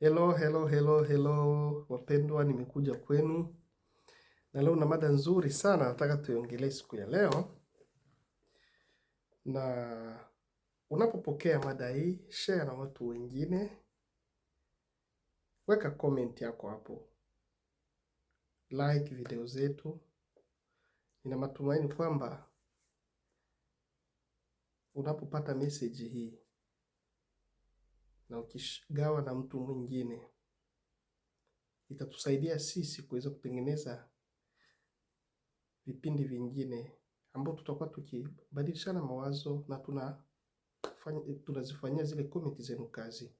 Hello, hello, hello, hello wapendwa, nimekuja kwenu na leo na mada nzuri sana nataka tuiongelee siku ya leo. Na unapopokea mada hii, share na watu wengine, weka comment yako hapo, like video zetu. Nina matumaini kwamba unapopata message hii na ukigawa na mtu mwingine, itatusaidia sisi kuweza kutengeneza vipindi vingine ambao tutakuwa tukibadilishana mawazo na tuna tunazifanyia zile komenti zenu kazi.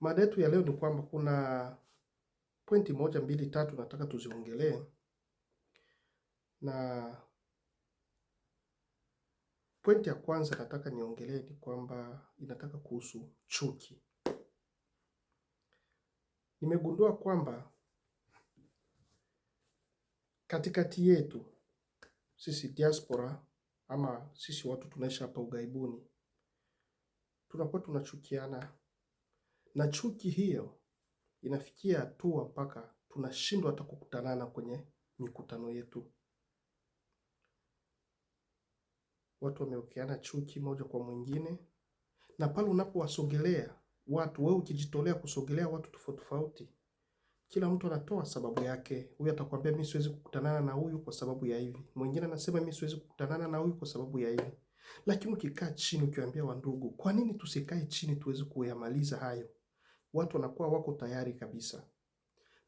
Mada yetu ya leo ni kwamba kuna pointi moja mbili tatu nataka tuziongelee, na Pointi ya kwanza nataka niongelee ni kwamba inataka kuhusu chuki. Nimegundua kwamba katikati yetu sisi diaspora ama sisi watu tunaishi hapa ughaibuni tunakuwa tunachukiana, na chuki hiyo inafikia hatua mpaka tunashindwa hata kukutanana kwenye mikutano yetu. watu wamewekeana chuki moja kwa mwingine, na pale unapowasogelea watu, wewe ukijitolea kusogelea watu tofauti tofauti, kila mtu anatoa sababu yake. Huyu atakwambia mimi siwezi kukutanana na huyu kwa sababu ya hivi, mwingine anasema mimi siwezi kukutanana na huyu kwa sababu ya hivi. Lakini ukikaa chini ukiwaambia wandugu, kwa nini tusikae chini tuweze kuyamaliza hayo? Watu wanakuwa wako tayari kabisa.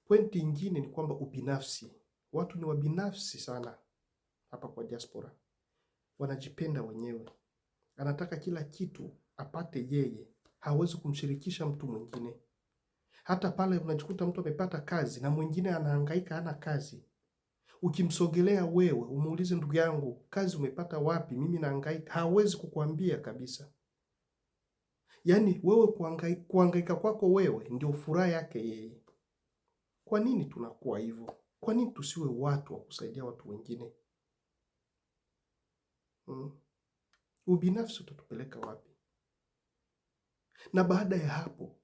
Pointi ingine ni kwamba ubinafsi, watu ni wabinafsi sana hapa kwa diaspora wanajipenda wenyewe. Anataka kila kitu apate yeye, hawezi kumshirikisha mtu mwingine. Hata pale unajikuta mtu amepata kazi na mwingine anahangaika, hana kazi. Ukimsogelea wewe umuulize, ndugu yangu, kazi umepata wapi? Mimi nahangaika, hawezi kukuambia kabisa. Yaani wewe kuhangaika, kuhangaika kwako wewe ndio furaha yake yeye. Kwa nini tunakuwa hivyo? Kwa nini tusiwe watu wa kusaidia watu wengine? Mm. Ubinafsi utatupeleka wapi? Na baada ya hapo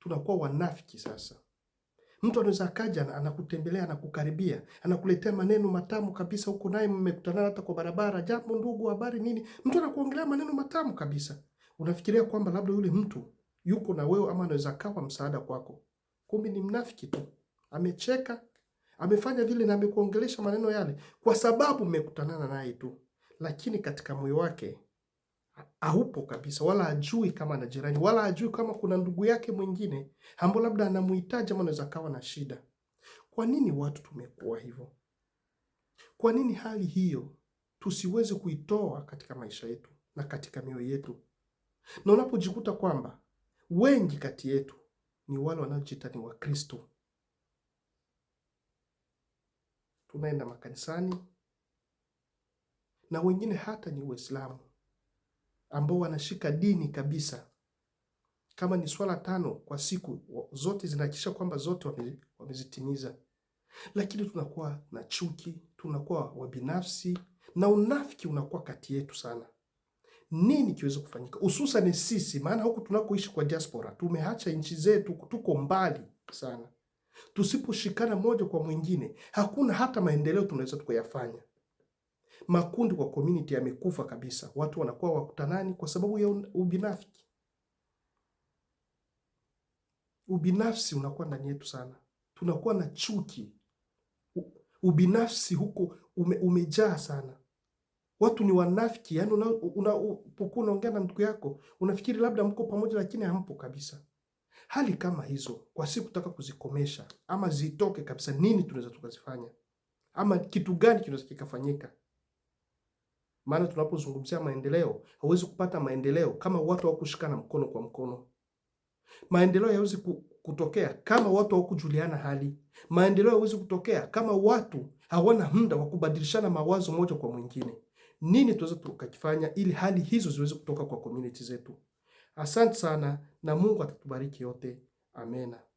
tunakuwa wanafiki sasa. Mtu anaweza akaja anakutembelea, anakukaribia, anakuletea maneno matamu kabisa, huko naye mmekutana hata kwa barabara, jambo ndugu, habari nini, mtu anakuongelea maneno matamu kabisa, unafikiria kwamba labda yule mtu yuko na wewe ama anaweza kawa msaada kwako, kumbe ni mnafiki tu. Amecheka, amefanya vile na amekuongelesha maneno yale kwa sababu mmekutanana naye tu lakini katika moyo wake haupo kabisa, wala ajui kama ana jirani, wala ajui kama kuna ndugu yake mwingine ambao labda anamuhitaji ama anaweza kawa na shida. Kwa nini watu tumekuwa hivyo? Kwa nini hali hiyo tusiweze kuitoa katika maisha yetu na katika mioyo yetu? Na unapojikuta kwamba wengi kati yetu ni wale wanaojiita ni Wakristo, tunaenda makanisani na wengine hata ni Waislamu ambao wanashika dini kabisa. Kama ni swala tano kwa siku zote zinahakikisha kwamba zote wamezitimiza, lakini tunakuwa na chuki, tunakuwa wabinafsi na unafiki unakuwa kati yetu sana. Nini kiweze kufanyika, hususan sisi? Maana huku tunakoishi kwa diaspora, tumeacha nchi zetu, tuko mbali sana. Tusiposhikana moja kwa mwingine, hakuna hata maendeleo tunaweza tukayafanya makundi kwa community yamekufa kabisa, watu wanakuwa wakutanani kwa sababu ya ubinafsi. Ubinafsi unakuwa ndani yetu sana, tunakuwa na chuki. Ubinafsi huko ume, umejaa sana. Watu ni wanafiki, yani unapokuwa unaongea na ndugu yako unafikiri labda mko pamoja, lakini hampo kabisa. Hali kama hizo kwa si kutaka kuzikomesha ama zitoke kabisa, nini tunaweza tukazifanya ama kitu gani kinaweza kikafanyika? Maana tunapozungumzia maendeleo, hauwezi kupata maendeleo kama watu hawakushikana mkono kwa mkono. Maendeleo hayawezi kutokea kama watu hawakujuliana hali. Maendeleo hayawezi kutokea kama watu hawana muda wa kubadilishana mawazo moja kwa mwingine. Nini tuweze tukakifanya ili hali hizo ziweze kutoka kwa community zetu? Asante sana na Mungu atatubariki yote. Amena.